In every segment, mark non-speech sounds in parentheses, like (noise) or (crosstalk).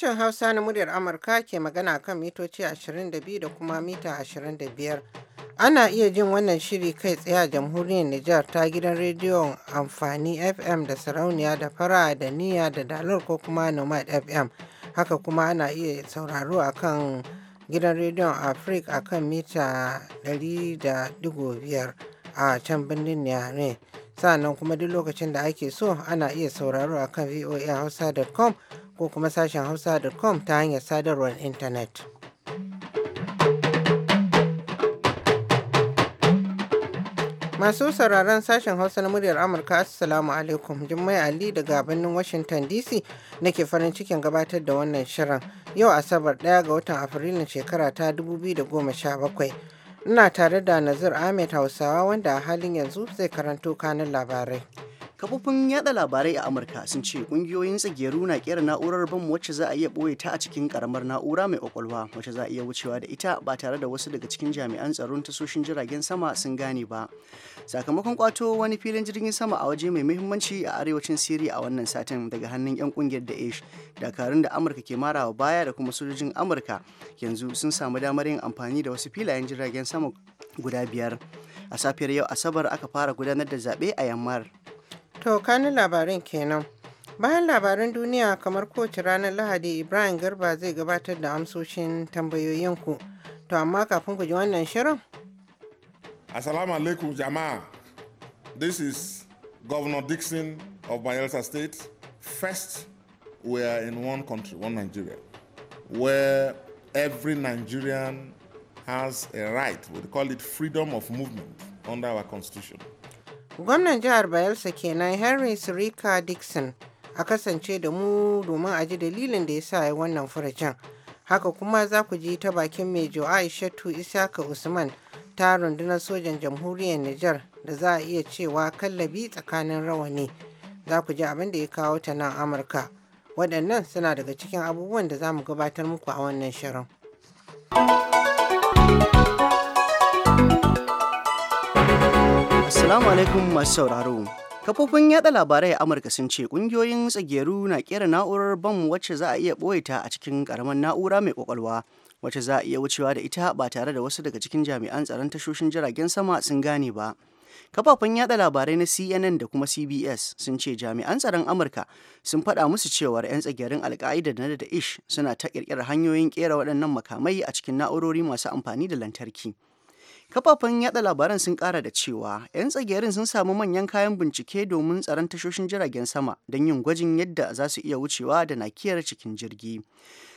Sashen Hausa na muryar Amurka ke magana kan mitoci 22 da kuma mita 25. Ana iya jin wannan shiri kai tsaye a jamhuriyar Nijar ta gidan rediyon amfani FM da sarauniya da fara da niyya da dalar ko kuma nomad FM. Haka kuma ana iya sauraro a kan gidan rediyon Afrik a kan mita 100.5 a can birnin yare sannan kuma duk lokacin da ake so ana iya sauraro a kan voahausa.com ko kuma sashen hausa.com ta hanyar sadarwar intanet. Masu sauraron sashen Hausa na muryar Amurka Assalamu alaikum Jummai Ali daga birnin Washington DC nake farin cikin gabatar da wannan shirin yau Asabar 1 ga watan Afrilun shekara ta 2017. Ina tare da Nazir Ahmed Hausawa wanda a halin yanzu zai karanto kanin labarai. kafofin yada labarai a amurka sun ce ƙungiyoyin tsageru na kera na'urar bam wacce za a iya ɓoye ta a cikin karamar na'ura mai kwakwalwa wacce za a iya wucewa da ita ba tare da wasu daga cikin jami'an tsaron tasoshin jiragen sama sun gane ba sakamakon kwato wani filin jirgin sama a waje mai muhimmanci a arewacin syria a wannan satin daga hannun yan kungiyar ish dakarun da amurka ke marawa baya da kuma sojojin amurka yanzu sun samu damar yin amfani da wasu filayen jiragen sama guda biyar a safiyar yau asabar aka fara gudanar da zaɓe a yammar To kanin labarin kenan. Bayan labaran duniya kamar kowace ranar Lahadi Ibrahim Garba zai gabatar da amsoshin tambayoyinku. To amma kafin ku ji wannan shirin. Assalamu alaikum jama'a. This is Governor Dixon of Bayelsa State. First, we are in one country, one Nigeria, where every Nigerian has a right, we call it freedom of movement under our constitution. Gwamnan jihar Bayelsa kenan Henry Sirika Dixon a kasance da mu domin a ji dalilin da ya sa ya wannan furucin. Haka kuma za ku ji ta bakin Mejo Aishatu Isaka Usman ta rundunar sojan jamhuriyar Nijar da za a iya cewa kallabi tsakanin rawani. Za ku ji abin da ya kawo ta nan Amurka. Waɗannan suna daga cikin abubuwan da za mu gabatar muku a wannan shirin. Assalamu alaikum masu sauraro. Kafofin yada labarai a Amurka sun ce kungiyoyin tsageru na kera na'urar bam wacce za a iya ɓoye a cikin karamar na'ura mai ƙwaƙwalwa wacce za a iya wucewa da ita ba tare da wasu daga cikin jami'an tsaron tashoshin jiragen sama sun gane ba. Kafafen yada labarai na CNN da kuma CBS sun ce jami'an tsaron Amurka sun faɗa musu cewa 'yan tsagerin alka'ida na da ish suna ta ƙirƙirar hanyoyin ƙera waɗannan makamai a cikin na'urori masu amfani da lantarki. Kafafen yada labaran sun kara da cewa 'yan tsagerin sun samu manyan kayan bincike domin tsaron tashoshin jiragen sama don yin gwajin yadda za su iya wucewa da nakiyar cikin jirgi.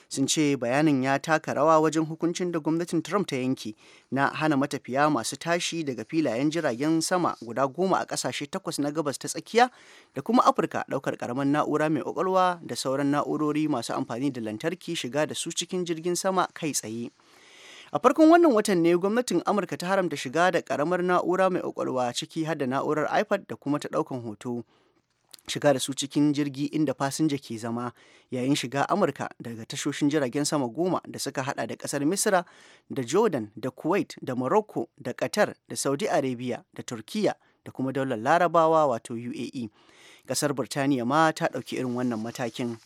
Sun ce bayanin ya taka rawa wajen hukuncin da gwamnatin Trump ta yanki na hana matafiya masu tashi daga filayen jiragen sama guda goma a ƙasashe takwas na gabas ta tsakiya da kuma Afirka ɗaukar ƙaramin na'ura mai kwakwalwa da sauran na'urori masu amfani da lantarki shiga da su cikin jirgin sama kai tsaye. a farkon wannan watan ne gwamnatin amurka ta haramta shiga da karamar na'ura mai kwakwalwa ciki har da na'urar ipad da kuma ta daukan hoto shiga da su cikin jirgi inda fasinja ke zama yayin shiga amurka daga tashoshin jiragen sama goma da suka hada da kasar misra da jordan da kuwait da morocco da qatar da saudi arabia da turkiya da kuma daular larabawa wato uae kasar burtaniya ma ta ɗauki irin wannan matakin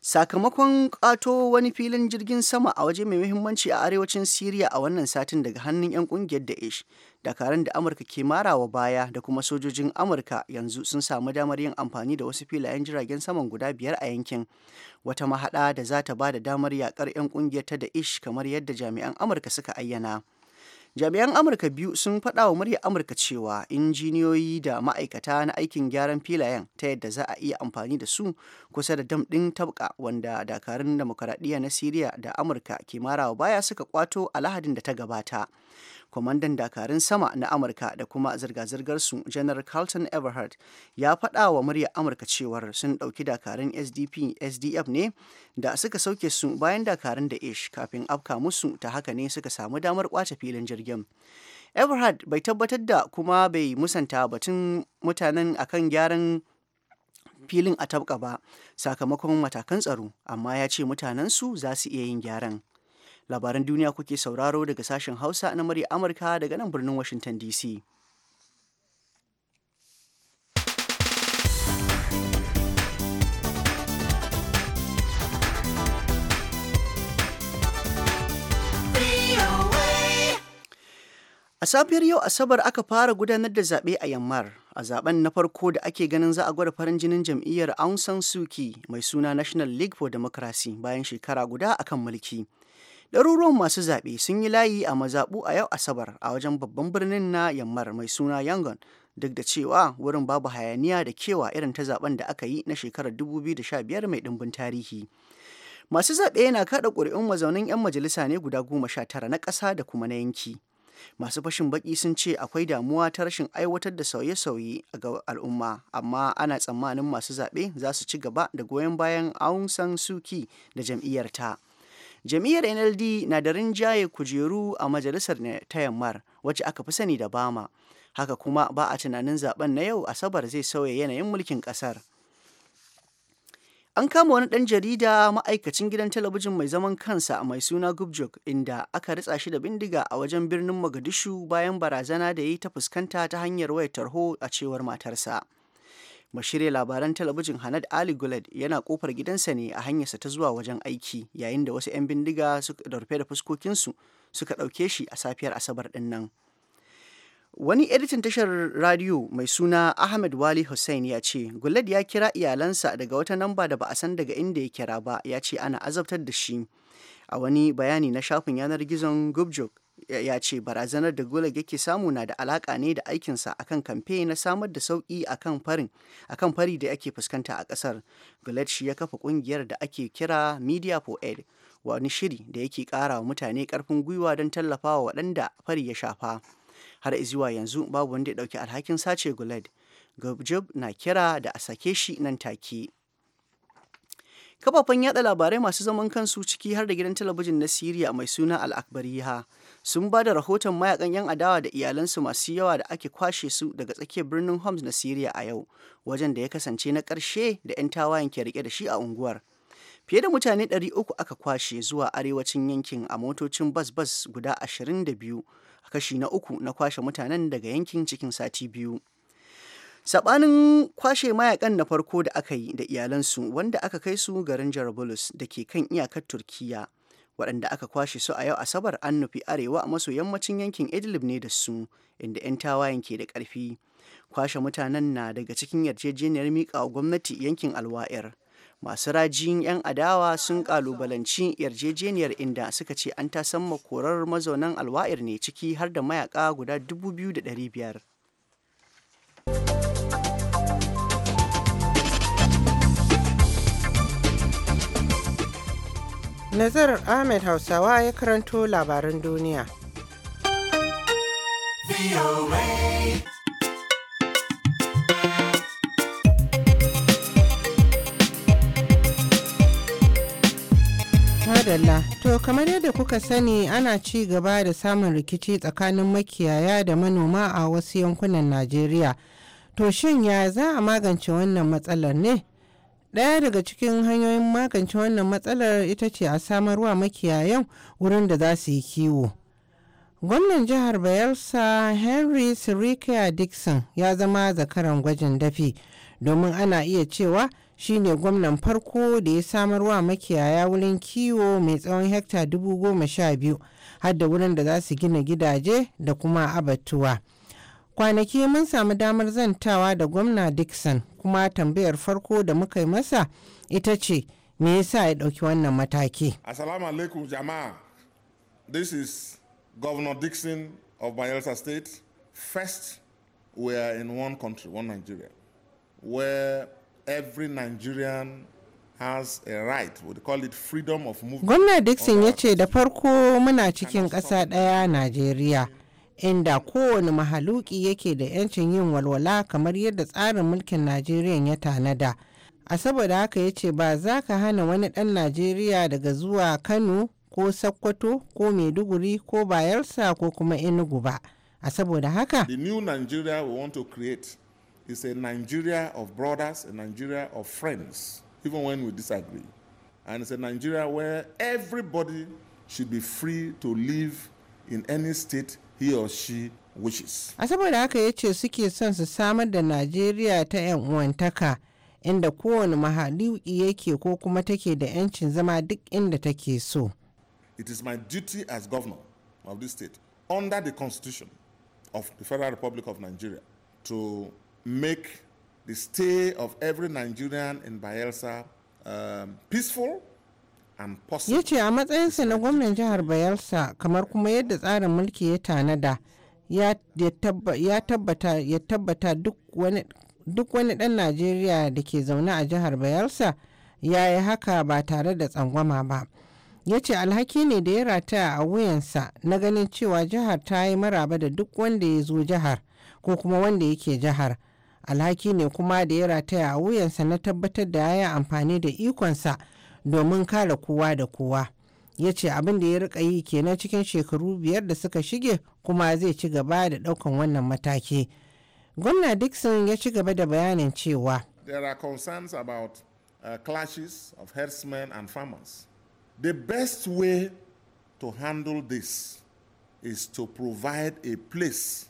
sakamakon ƙato wani filin jirgin sama a waje mai muhimmanci a arewacin Siriya a wannan satin daga hannun 'yan ƙungiyar Daesh. Dakaran da Amurka ke marawa baya da kuma sojojin Amurka yanzu sun samu damar yin amfani da wasu filayen jiragen saman guda biyar a yankin. Wata mahaɗa da za ta ba da damar yaƙar 'yan ƙungiyar ta Daesh kamar yadda jami'an Amurka suka ayyana. jami'an amurka biyu sun faɗa wa murya amurka cewa injiniyoyi da ma'aikata na aikin gyaran filayen ta yadda za a iya amfani da su kusa da dam ɗin tabka wanda dakarun demokaradiyya na siriya da amurka ke marawa baya suka kwato a lahadin da ta gabata kwamandan dakarun sama na amurka da kuma zirga-zirgar su janar carlton everhart ya faɗa wa muryar amurka cewar sun ɗauki dakarun sdp sdf ne da suka sauke su bayan dakarun da ish kafin afka musu ta haka ne suka samu damar kwace filin jirgin everhart bai tabbatar da kuma bai musanta batun mutanen akan gyaran filin a tabka ba sakamakon matakan tsaro amma ya ce mutanensu za su iya yin gyaran labaran duniya kuke sauraro daga sashen hausa na murya amurka daga nan birnin washington dc A safiyar yau Asabar aka fara gudanar da zaɓe a Yammar, a zaɓen na farko da ake ganin za a gwada farin jinin jam'iyyar Aung San Suu mai suna National League for Democracy bayan shekara guda akan mulki. Ɗaruruwan masu zaɓe sun yi layi a mazaɓu a yau Asabar a wajen babban birnin na Yammar mai suna Yangon duk da cewa wurin babu hayaniya da kewa irin ta zaben da aka yi na shekarar 2015 mai ɗimbin tarihi. Masu zaɓe na kaɗa ƙuri'un mazaunin 'yan majalisa ne guda goma sha tara na ƙasa da kuma na yanki. Masu fashin baƙi sun ce akwai damuwa ta rashin aiwatar da sauye-sauye ga al'umma, amma ana tsammanin masu zaɓe za su ci gaba da goyon bayan Aung San Suu Kyi da jam'iyyarta. Jami'ar NLD na da rinjaye kujeru a majalisar ta Yammar wacce aka fi sani da Bama. Haka kuma ba a tunanin zaben na yau Asabar zai sauya yanayin mulkin kasar. An kama wani ɗan jarida ma'aikacin gidan talabijin mai zaman kansa mai suna Gubjuk inda aka ritsa shi da bindiga a wajen birnin Mogadishu bayan barazana da ya yi ta fuskanta ta hanyar wayar tarho a cewar matarsa. mashirya labaran talabijin Hanad Ali Gulad yana kofar gidansa ne a hanyarsa ta zuwa wajen aiki yayin da wasu 'yan bindiga da rufe da fuskokinsu suka ɗauke shi a safiyar Asabar ɗin nan. Wani editan tashar radiyo mai suna Ahmed Wali Hussein ya ce, Gulad ya kira iyalansa daga wata namba da ba a san daga inda ya kira ba, ya ce ana azabtar da shi. A wani bayani na shafin yanar gizon Gubjuk, ya ce barazanar da gulag yake samu na da alaka ne da aikinsa akan kamfe na samar da sauki akan kan fari da ake fuskanta a kasar gulag shi ya kafa kungiyar da ake kira media for aid wani shiri da yake kara wa mutane karfin gwiwa don tallafawa waɗanda fari ya shafa har zuwa yanzu babu wanda ya ɗauki alhakin sace gulag gabjab na kira da a sake shi nan take kafafen yada labarai masu zaman kansu ciki har da gidan talabijin na siriya mai suna al-akbariha sun ba da rahoton mayakan 'yan adawa da iyalansu masu yawa da ake kwashe su daga tsakiyar birnin Homs na Siriya a yau, wajen da ya kasance na ƙarshe da 'yan tawayen ke rike da shi a unguwar. Fiye da mutane 300 aka kwashe zuwa arewacin yankin a motocin bas-bas guda 22 a kashi na uku na kwashe mutanen daga yankin cikin sati biyu. Saɓanin kwashe mayakan na farko da aka yi da iyalansu wanda aka kai su garin Jarabulus da ke kan iyakar Turkiyya. waɗanda aka kwashe su a yau asabar an nufi arewa a maso yammacin yankin idlib ne da su inda 'yan tawayen ke da ƙarfi kwashe mutanen na daga cikin yarjejeniyar miƙa wa gwamnati yankin alwa'ir masu rajin 'yan adawa sun kalubalanci yarjejeniyar inda suka ce an tasamma makorar mazaunan alwa'ir ne ciki har da mayaka guda dubu biyu da ɗari biyar. Nazarar Ahmed Hausawa ya karanto labaran duniya. Madalla, to kamar yadda kuka sani ana ci gaba da samun rikici tsakanin makiyaya da manoma a wasu yankunan Najeriya. To shin ya za a magance wannan matsalar ne? Ɗaya daga cikin hanyoyin magance wannan matsalar ita ce a samarwa makiyayan wurin da za su yi kiwo. Gwamnan jihar Bayelsa Henry Sirikia Dixon ya zama zakaran gwajin dafi domin ana iya cewa shi ne gwamnan farko da ya samarwa makiyaya wurin kiwo mai tsawon hekta dubu goma sha biyu har da wurin da za su gina gidaje da kuma abatuwa. kwanaki mun samu damar zantawa da gwamna dixon kuma tambayar farko da muka yi masa ita ce me yasa ya ɗauki wannan mataki assalamu alaikum jama'a this is governor dixon of bayelsa state first we are in one country one nigeria where every nigerian of gwamna dixon ya ce da farko muna cikin ƙasa ɗaya najeriya inda kowane mahaluki yake da 'yancin yin walwala kamar yadda tsarin mulkin najeriya ya tanada a saboda haka ya ce ba za ka hana wani ɗan najeriya daga zuwa kano ko sokoto ko maiduguri ko bayarsa ko kuma enugu ba a saboda haka the new nigeria we want to create is a nigeria of brothers a nigeria of friends even when we disagree and it's a nigeria where everybody should be free to live in any state he or she wishes. A saboda haka ya ce suke son su samar da Najeriya ta 'yan uwantaka inda kowane yake ko kuma take da 'yancin zama duk inda take so. It is my duty as governor of this state under the constitution of the Federal Republic of Nigeria to make the stay of every Nigerian in Bayelsa um, peaceful ya ce a matsayinsa na gwamnan jihar bayelsa kamar kuma yadda tsarin mulki ya tanada ya tabbata ya tabbata duk wani dan najeriya da ke zaune a jihar bayelsa ya yi haka ba tare da tsangwama ba ya ce alhaki ne da ya rataya a wuyansa na ganin cewa jihar ta yi maraba da duk wanda ya zo jihar ko kuma wanda yake jihar alhaki ne kuma da ya rataya a wuyansa na tabbatar da ya yi amfani da ikonsa domin kare kowa da kowa ya ce abin da ya rika yi kenan cikin shekaru biyar da suka shige kuma zai ci gaba da daukan wannan mataki gwamna dixon ya ci gaba da bayanin cewa there are concerns about uh, clashes of herdsmen and farmers the best way to handle this is to provide a place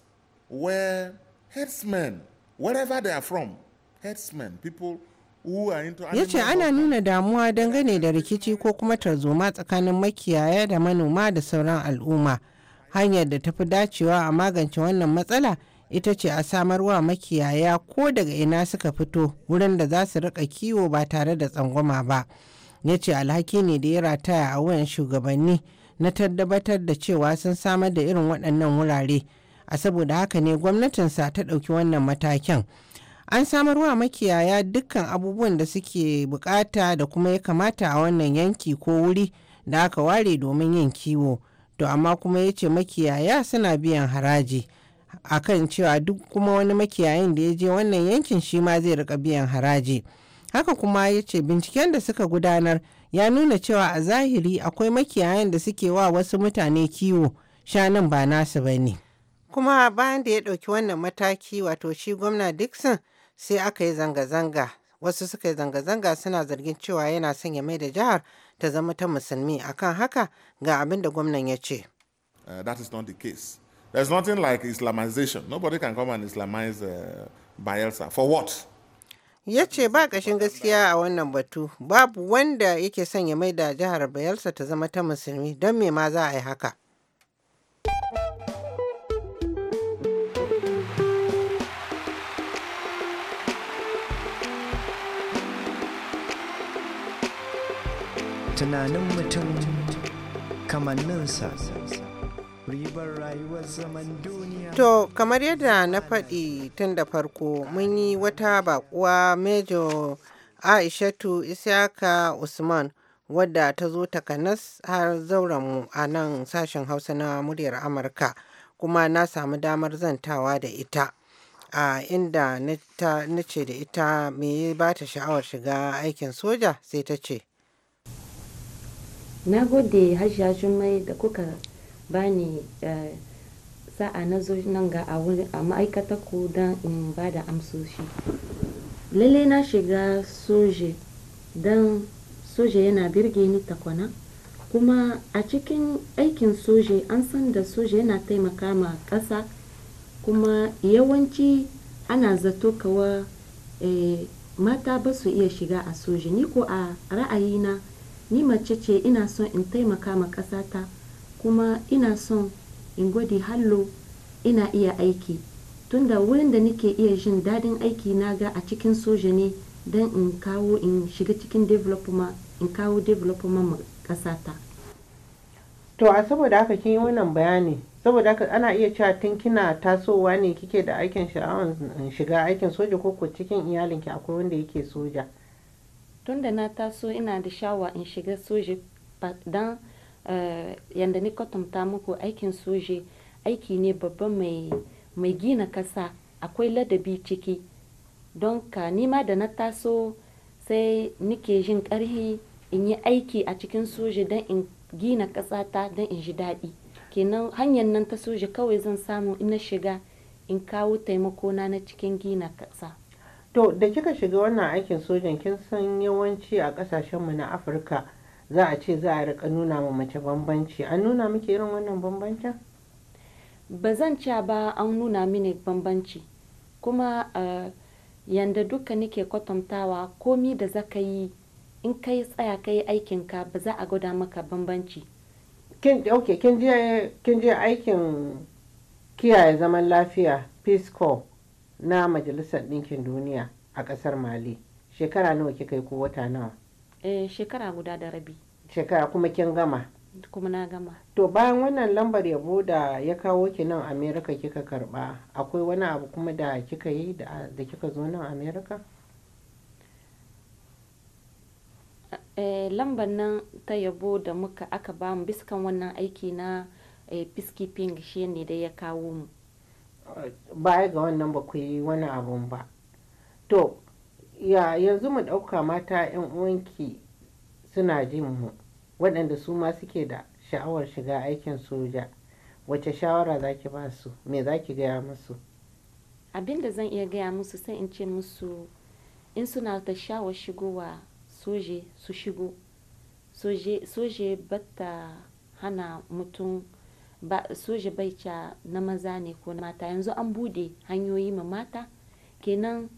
where herdsmen wherever they are from herdsmen people ya ce ana nuna damuwa dangane da rikici ko kuma tarzoma tsakanin makiyaya da manoma da sauran al'umma hanyar da tafi dacewa a magance wannan matsala ita ce a samarwa makiyaya ko daga ina suka fito wurin da za su rika kiwo ba tare da tsangwama ba ya ce alhaki ne da ya rataya a wayan shugabanni na tabbatar da cewa sun samar da irin waɗannan wurare a saboda haka ne gwamnatinsa ta ɗauki wannan matakin. an samar wa makiyaya dukkan abubuwan da suke bukata da kuma ya kamata a wannan yanki ko wuri da aka ware domin yin kiwo to amma kuma ya ce makiyaya suna biyan haraji akan cewa duk kuma wani makiyayin da ya je wannan yankin shi ma zai rika biyan haraji haka kuma ya ce binciken da suka gudanar ya nuna cewa a zahiri akwai makiyayan da suke wa wasu mutane kiwo shanin ba nasu ba ne kuma bayan da ya ɗauki wannan mataki wato shi gwamna dixon sai aka yi zanga-zanga wasu suka yi zanga-zanga suna zargin cewa yana sanya mai da jihar ta zama ta musulmi akan haka ga abin da gwamnan ya ce eh, that can come and eh, ya ce ba ƙashin gaskiya a wannan batu babu wanda yake sanya mai da jihar bayelsa ta zama ta musulmi don me ma za a yi haka tunanin mutum kamanninsa ribar rayuwar zaman duniya to kamar yadda na faɗi tun da farko mun yi wata bakuwa mejo aishatu isyaka usman wadda ta zo takanas har zauranmu a nan sashen hausa na muryar amurka kuma na samu damar zantawa da ita a inda na ce da ita me ba ta sha'awar shiga aikin soja sai ta ce na gode hajiya jummai da kuka bani eh, sa'a na zo nan ga a ma'aikatar ku don in ba da amsoshi lalle na shiga soje don soje yana birge ni takwana kuma a cikin aikin soje an san da soje yana taimaka ma ƙasa kuma yawanci ana zato kawa eh, mata ba su iya shiga a soje ni ko a ra'ayina ni mace ce ina son in taimaka ma ƙasata kuma ina son in gwadi hallo ina iya aiki tunda wurin da nake iya jin daɗin aiki na ga a cikin soja ne don in kawo in shiga cikin development in kawo development ƙasata to a saboda haka kin yi wannan bayani saboda haka ana iya cewa tun kina tasowa ne kike da aikin sha'awar shiga aikin soja ko cikin iyalinki akwai wanda yake soja tun da na taso ina da shawa in shiga soje dan eh, yadda ni kwatanta muku aikin soje aiki ne babba mai gina kasa akwai ladabi ciki don ka nima da na taso sai nike jin karhi in yi aiki a cikin soje don in gina kasa ta don in ji daɗi kenan hanyar nan ta soje kawai zan samu ina shiga in kawo taimakona na cikin gina kasa. to da kika shiga wannan aikin sojan kin san yawanci a kasashenmu na afirka za a ce za a rika nuna ma mace bambanci an nuna miki irin wannan bambancin ba zan ce ba an nuna mini bambanci kuma eh, yanda duka nake kwatantawa komi da za ka yi in kai tsaya ka yi aikinka ba za a gwada maka bambanci ok kin je aikin kiyaye zaman lafiya peace corps na majalisar ɗinkin duniya a ƙasar mali shekara nawa kika yi ko wata nawa eh shekara guda da rabi shekara kuma kin gama kuma na gama to bayan wannan lambar yabo da ya kawo ki nan america kika karba akwai wani abu kuma da kika yi da kika zo nan america eh, lambar nan ta yabo da muka aka bamu biskan wannan aiki na eh, peacekeeping shi ne da ya kawo mu baya ga wannan ba ku yi wani abun ba to ya yanzu mu ɗauka mata 'yan uwanki suna jin mu waɗanda su ma suke da sha'awar shiga aikin soja wace shawara za ki ba su me za ki gaya musu abin da zan iya gaya musu sai in ce musu in suna da sha'awar shigowa soje su shigo soje bata hana mutum ba soja bai ca na maza ne ko na mata yanzu an bude hanyoyi ma mata kenan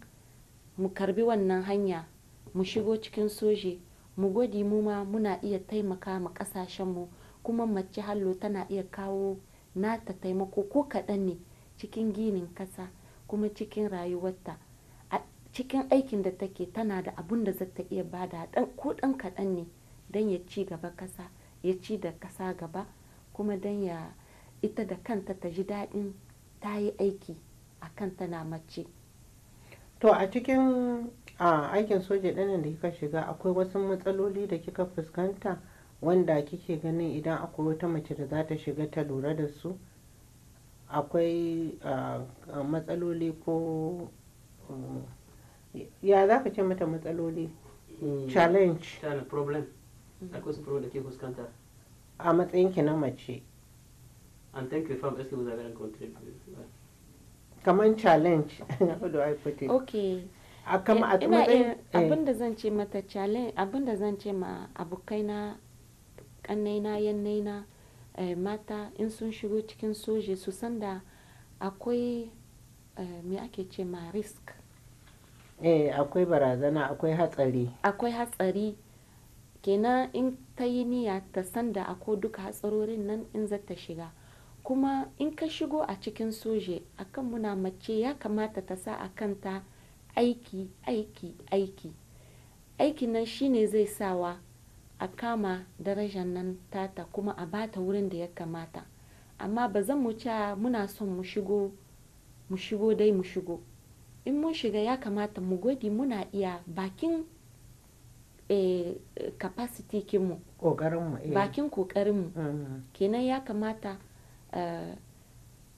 mu karbi wannan hanya mu shigo cikin soje mu gwadi mu ma muna iya taimaka ma kasashenmu kuma mace hallo tana iya kawo nata taimako ko kaɗan ne cikin ginin kasa kuma cikin rayuwarta a cikin aikin da take tana da abun da zata iya bada ko ɗan kaɗan ne don ya ci gaba kasa ya ci da kasa gaba kuma don ya ita da kanta ta ji daɗin ta yi aiki a kan tana mace to a cikin aikin soja ɗanin da kika shiga akwai wasu matsaloli da kika fuskanta wanda kike ganin idan akwai wata mace da za ta shiga ta lura da su akwai matsaloli ko um, ya za ka ce mata matsaloli mm. challenge problem akwai su da ke fuskanta a matsayinki na mace and thank you from Eski Buzagaran contribute. Kaman challenge, (laughs) how do I put it? Okay. A kama a eh, matsayin eh. abin zan ce mata challenge abin da zan ce ma abokaina kannaina yannaina eh, mata in sun shigo cikin soje su san da akwai me ake ce ma risk eh akwai barazana akwai hatsari akwai hatsari kenan in ta yi niyya ta sanda ako duka hatsarorin nan in za ta shiga kuma in ka shigo a cikin soje akan muna mace ya kamata ta sa a kanta aiki aiki aiki aiki nan shine zai sawa a kama darajar nan tata kuma a bata wurin da ya kamata amma ba zan mu cewa muna son mu shigo mu shigo dai mu shigo in mun shiga ya kamata mu gode muna iya bakin Eh, capacity kinmu eh. bakin kokarinmu mm, mm. kenan ya kamata eh,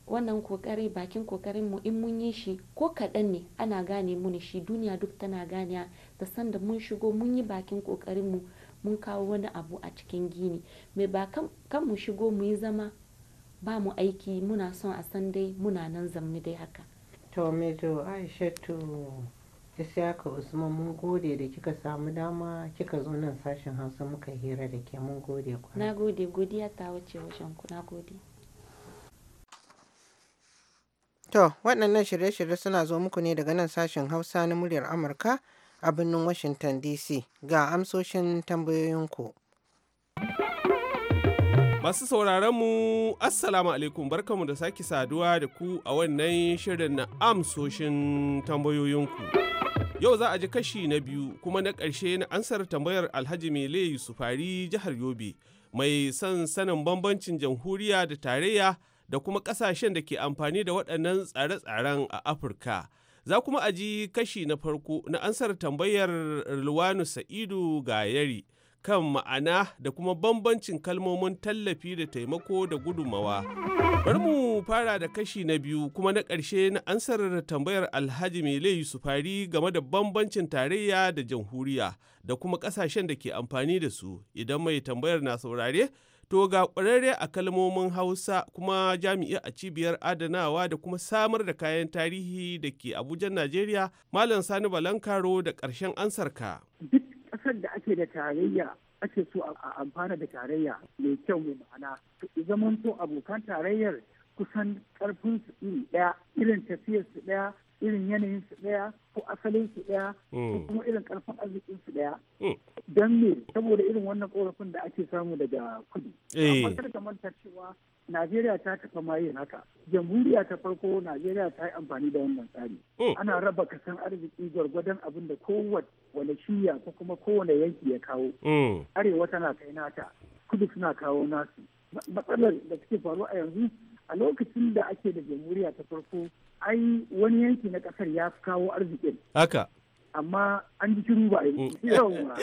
wannan kokari bakin kokarinmu in mun yi shi ko kaɗan ne ana gane muni shi duniya duk tana gane da sanda mun shigo mun yi bakin kokarinmu mun kawo wani abu a cikin gini mai ba kan mu shigo mu yi zama ba mu aiki muna son a san dai muna nan zamni dai haka to me to aishatu ka Usman mun gode da kika samu dama kika zo nan sashen Hausa muka hira da ke mun gode ku. Na gode godiya ta wuce wajen ku na gode. To waɗannan shirye-shirye suna zo muku ne daga nan sashen Hausa na muryar Amurka a birnin Washington DC ga amsoshin tambayoyinku. Masu sauraron mu Assalamu alaikum barkamu da sake saduwa da ku a wannan shirin na amsoshin tambayoyinku. Yau za a ji kashi na biyu kuma na ƙarshe na ansar tambayar Alhaji Mele Yusufari jihar Yobe mai son sanin bambancin jamhuriya da tarayya da kuma ƙasashen da ke amfani da waɗannan tsare-tsaren a Afirka. Za kuma a ji kashi na farko na ansar tambayar Luwanu Sa'idu ga yari kan ma'ana da kuma bambancin kalmomin tallafi da taimako da gudumawa. Bari mu fara da kashi na biyu kuma na ƙarshe na ansarar tambayar Alhaji Mele Yusufari game da bambancin tarayya da jamhuriya da kuma ƙasashen da ke amfani da su idan mai tambayar na saurare. To ga ƙwararre a kalmomin Hausa kuma jami'i a cibiyar adanawa da kuma samar da kayan tarihi da ke Abuja, Najeriya, Malam Sani Balankaro da ƙarshen ansarka. ake da tarayya ake so a amfana da tarayya mai kyau mai ma'ana zaman to abokan tarayyar kusan karfin su iri daya irin tafiyar su daya irin yanayin su daya ko asalin su daya ko hmm. kuma irin karfin arzikin su daya hmm. don me saboda irin wannan korafin da ake samu daga kudi eh. amma kada ka manta cewa Najeriya ta tafa mayin haka. Jamhuriya ta farko Najeriya ta yi amfani da wannan tsari. Oh. Ana raba kasan arziki gwargwadon abin da kowane shiya ko kuma kowane yanki ya kawo. Mm. Arewa tana kai nata, kudu suna kawo nasu. Matsalar da suke faru a yanzu a lokacin da ake da jamhuriya ta farko ai wani yanki na kasar ya kawo arzikin. Haka. Amma an ji shiru ba a mm. yanzu.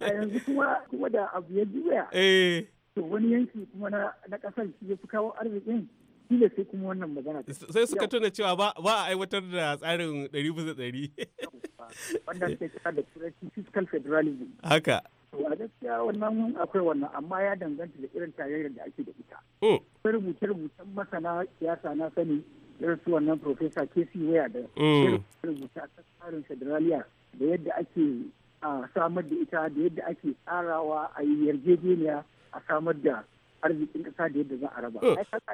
A yanzu kuma da abu ya juya. Eh. to wani yanki kuma na kasar shi ya fi kawo arzikin da sai kuma wannan magana sai suka tuna cewa ba a aiwatar da tsarin ɗari bisa ɗari (laughs) wanda suke kira da turanci fiscal federalism haka to a gaskiya wannan akwai wannan amma ya danganta da irin tarayyar da ake da ita hmm. akwai rubuce-rubucen masana siyasa na sani irin su wannan professor Casey waya da hmm. rubuta a tsarin federaliya da yadda ake ah, samar da ita da yadda ake tsarawa a yi yarjejeniya a samar da arzikin ƙasa da yadda za a raba.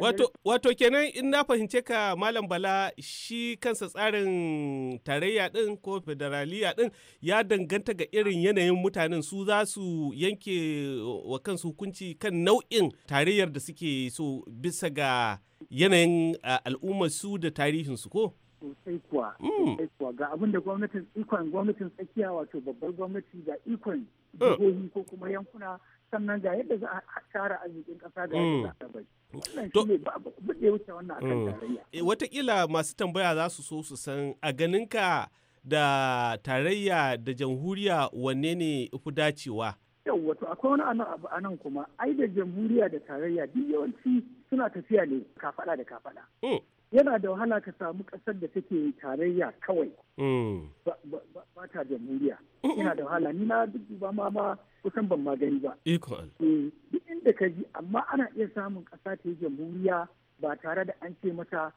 Oh, wato kenan in na fahimce ka Malam Bala shi kansa tsarin tarayya ɗin ko federaliya ɗin ya danganta ga irin yanayin mutanen su za su yanke wa kansu hukunci kan nau'in tarayyar da suke so bisa ga yanayin al'ummar su da tarihinsu ko? Sosai kuwa, hmm. sosai kuwa ga abin da gwamnatin ikon gwamnatin tsakiya wato babbar gwamnati ga ikon oh. jihohi ko kuma yankuna sannan ga yadda za a kara arzikin ƙasa da yadda za a mm. bai. Mm. Eh, Watakila masu tambaya za su so su san a ganinka da tarayya da jamhuriya wanne ne fi dacewa? Yau wato akwai wani anan abu anan kuma ai da jamhuriya da tarayya duk yawanci suna tafiya ne kafaɗa da kafaɗa. Mm. yana da wahala ka samu ƙasar da take tarayya kawai mm. ba ta jamhuriya yana da wahala ni na duk ba ma ma kusan ban magani ba eh, duk inda ka ji amma ana iya samun ƙasa ta yi jamhuriya ba tare da an ce mata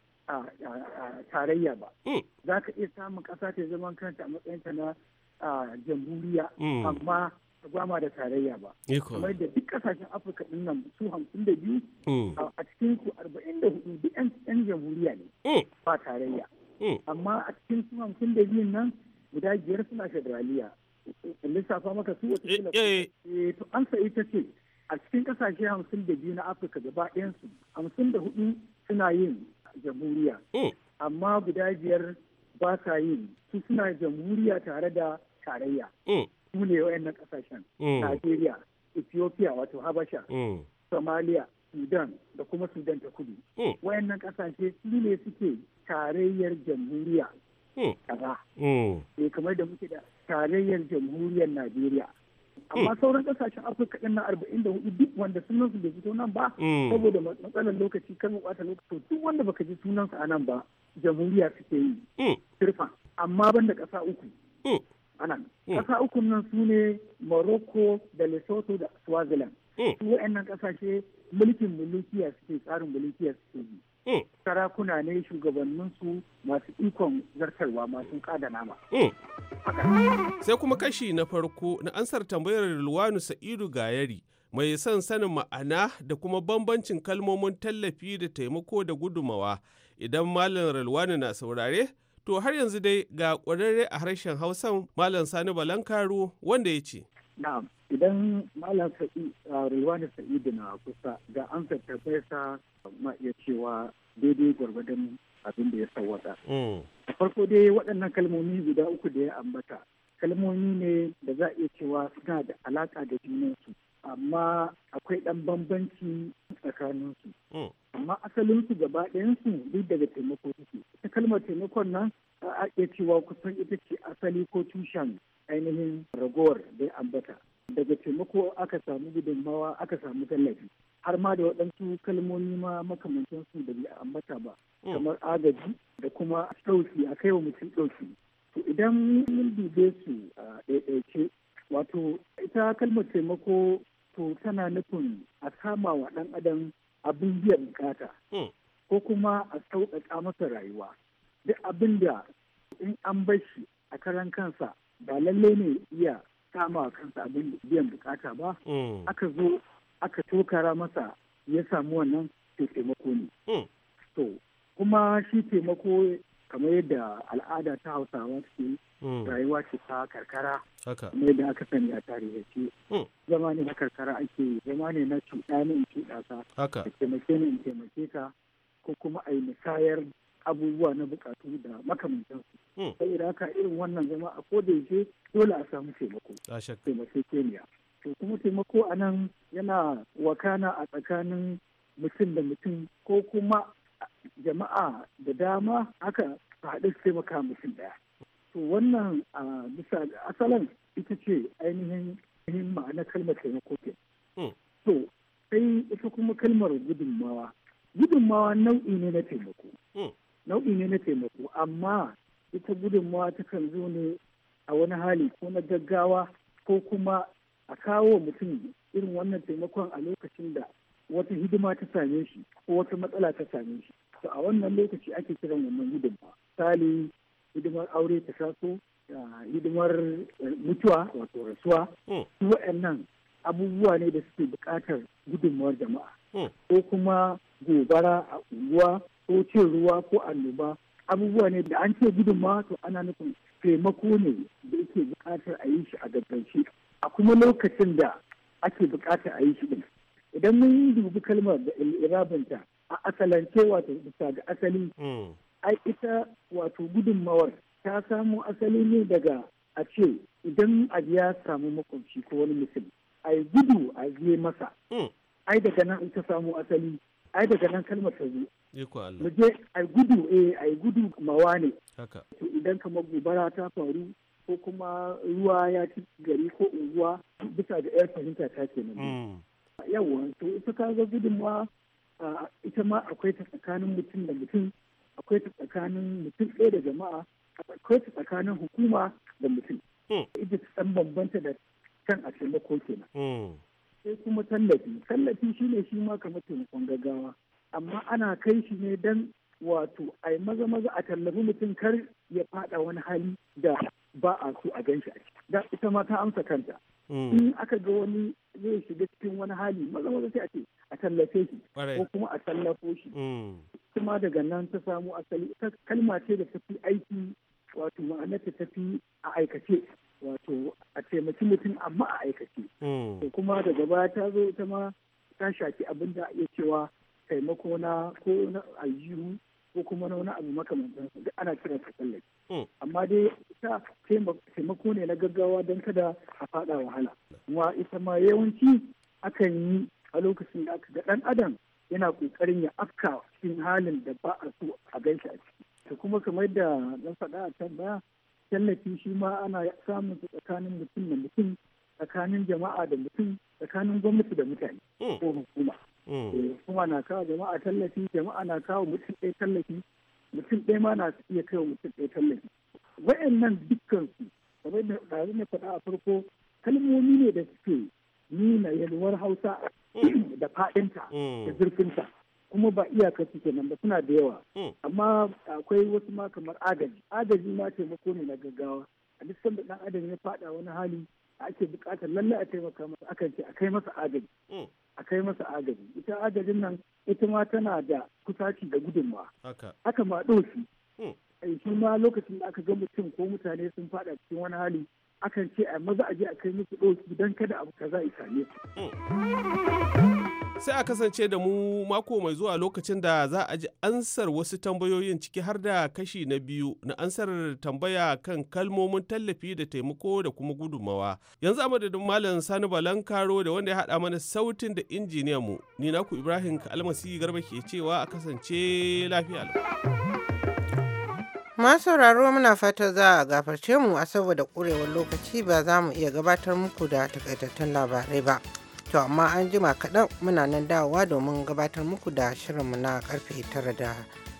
tarayya ba mm. za ka iya samun ƙasa ta zaman kanta a matsayinta na jamhuriya mm. amma gwama da tarayya ba kamar da duk kasashen afirka din nan su hamsin da biyu mm. a cikin su arba'in da hudu duk yan jamhuriya ne mm. ba tarayya mm. amma a cikin su hamsin da biyun nan guda biyar suna federaliya lissafa maka su wata kila eh, eh. Eh, to an sa ita ce a cikin kasashe hamsin da biyu na afirka gaba su hamsin da hudu suna yin jamhuriya amma guda biyar ba sa yin su suna jamhuriya tare da tarayya su ne wayannan kasashen mm. Najeriya Ethiopia wato Habasha mm. Somalia Sudan da kuma Sudan ta kudu mm. wayannan kasashe su ne suke tarayyar jamhuriya kaza ne eh, kamar da muke da tarayyar jamhuriyar Najeriya amma sauran kasashen afirka ɗin na arba'in da hudu duk wanda sunan su bai fito nan ba saboda matsalar lokaci kan bata lokaci duk wanda baka ji sunansu a nan ba jamhuriya suke yi sirfa amma banda ƙasa uku anan ƙasa hmm. uku nan su ne morocco da lesotho da swaziland hmm. su wa'annan ƙasashe mulkin mulkiya suke tsarin mulkiya suke yi hmm. sarakuna ne shugabannin su masu ikon zartarwa masu kada nama sai kuma kashi na farko na ansar tambayar luwanu sa'idu gayari mai son sanin ma'ana da kuma bambancin kalmomin tallafi da taimako da gudumawa idan malam ralwani na saurare To har yanzu dai ga ƙwararre a harshen Hausan Malam Sani Balankaro wanda ya ce. Na'am, idan Malam Sa'i Rilwani Sa'idu na kusa ga amsar sa ma iya cewa daidai gwargwadon abin da ya sauwata mm. Da farko dai waɗannan kalmomi guda uku da ya ambata. Kalmomi ne da za a iya cewa suna da alaƙa da junansu. amma akwai ɗan bambanci tsakaninsu. Hmm. Amma asalinsu gaba ɗayansu duk daga taimako suke. Ita kalmar taimakon nan a iya cewa kusan ita ce asali ko tushen ainihin ragowar da ambata. Daga taimako aka samu gudunmawa aka samu tallafi. Har ma da waɗansu kalmomi ma su da bai ambata ba. Hmm. Kamar agaji da kuma ɗauki a kai wa mutum ɗauki. To idan mun dube su a ɗaiɗaice wato ita kalmar taimako wato tana nufin a sama wa ɗan adam abin biyan bukata hmm. ko kuma a sauƙaƙa masa rayuwa duk abin da in an bar shi a karan kansa ba lallai ne iya sama kansa abin biyan bukata ba hmm. aka zo aka tokara masa ya samu wannan taimako ne hmm. to kuma shi taimako kamar yadda al'ada ta hausawa suke. Hmm. rayuwa ce ta karkara kamar yadda aka sani a tarihi hmm. zama ne na karkara ake zama ne na cuɗa ne in cuɗa ka a taimake ni in taimake ka ko kuma a yi musayar abubuwa na bukatu da makamantan su hmm. sai da haka irin wannan zama a ko da yake dole a samu taimako taimake keniya to kuma taimako a nan yana wakana a tsakanin mutum da mutum ko kuma jama'a da dama aka haɗu su taimaka mutum ɗaya. To wannan a bisa asalan ita ce ainihin ma'ana kalmar taimako ke. Hmm. To sai ita kuma kalmar gudunmawa. Gudunmawa nau'i ne na taimako. Hmm. Nau'i ne na taimako amma ita gudunmawa takan zo ne a wani hali ko na gaggawa ko kuma a kawo mutum irin wannan taimakon a lokacin da wata hidima ta same shi ko wata matsala ta same shi to a wannan lokaci ake kiran wannan hidima misali hidimar aure ta taso hidimar eh, mutuwa wato rasuwa hmm. su waɗannan abubuwa ne da suke buƙatar gudunmawar jama'a hmm. ko kuma gobara a unguwa ko cin ruwa ko annoba abubuwa ne da an ce gudunmuwa to ana nufin taimako ne da yake buƙatar a yi shi a gaggance a kuma lokacin da ake buƙatar a yi shi din idan mun yi dubi kalmar da irabinta a asalance wato bisa ga asali hmm. ai ita wato gudunmawar ta samo asali ne daga a ce idan abu ya samu makwabci ko wani mutum ai gudu a je masa hmm. ai daga nan ita samu asali ai daga nan kalmar ta zo mu je ai gudu eh ai gudu mawa ne to idan kamar gobara ta faru ko kuma ruwa ya ci gari ko unguwa bisa ga yar fahimta ta kenan hmm. Yawon to ita ka ga gudunmawa ita ma akwai ta tsakanin mutum da mutum akwai ta tsakanin mutum ɗaya da jama'a akwai ta tsakanin hukuma da mutum hmm. ita ta san bambanta da kan a taimako kenan hmm. sai kuma tallafi tallafi shine shi ma kamar taimakon gaggawa amma ana kai shi ne dan wato ai maza maza a tallafi mutum kar ya fada wani hali da ba a so a ganshi a ciki ita ma ta amsa kanta Mm. in aka ga wani zai shiga cikin wani hali maza maza sai a ce a tallafe shi ko kuma a tallafo shi mm. kuma daga nan ta samu asali kalma ce da tafi aiki wato ta tafi a aikace wato a taimaki mutum amma a aikace mm. to kuma daga baya ta zo ta ma ta shafi abin da iya cewa taimako na ko na aljihu ko kuma na wani abu makamantan duk ana kiran ta tallafi hmm. amma dai ita taimako ne na gaggawa don kada a fada wahala kuma ita ma yawanci akan yi a lokacin da aka ga ɗan adam yana ƙoƙarin ya afka cikin halin da ba a so a gaishe a ciki Ta kuma kamar da na faɗa a can baya tallafi shi ma ana samun su tsakanin mutum da mutum tsakanin jama'a da mutum tsakanin gwamnati da mutane hmm. ko hukuma Mm. Eh, kuma na kawo jama'a tallafi jama'a na kawo mutum ɗaya tallafi mutum ɗaya ma na iya kawo mutum ɗaya tallafi wa'annan dukkansu kamar da ɗari na faɗa a farko kalmomi ne da suke nuna yalwar hausa mm. da faɗinta mm. da zurfinta kuma ba iyaka suke nan ba suna da yawa amma akwai wasu ma kamar agaji agaji ma taimako ne na gaggawa a duk sanda ɗan adam ya faɗa wani hali ake bukatar lallai a taimaka masa akan ce a kai masa agaji a kai masa agaji ita agajin nan ita ma tana da kusaci da gudunmawa haka ma ɗauki hmm. eh, shi ma lokacin da aka ga mutum ko mutane sun faɗa cikin wani hali akan ce a maza a je a kai musu ɗauki don kada abu kaza ya same su hmm. sai a kasance da mu mako mai zuwa lokacin da za a ji ansar wasu tambayoyin ciki har da kashi na biyu na ansar tambaya kan kalmomin tallafi da taimako da kuma gudunmawa yanzu a madadin malam sani balan karo da wanda ya haɗa mana sautin da injiniyan mu ni naku ibrahim almasi garba ke cewa a kasance lafiya masu sauraro muna fata za a gafarce mu a saboda ƙurewar lokaci ba za mu iya gabatar muku da takaitattun labarai ba To amma an jima kaɗan muna nan dawowa domin gabatar muku da shirinmu na karfe tara da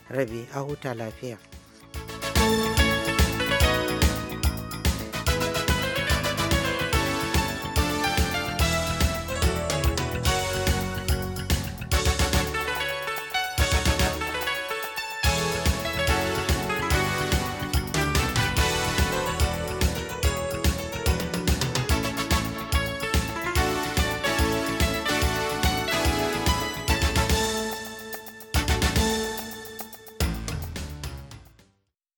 rabi a huta lafiya.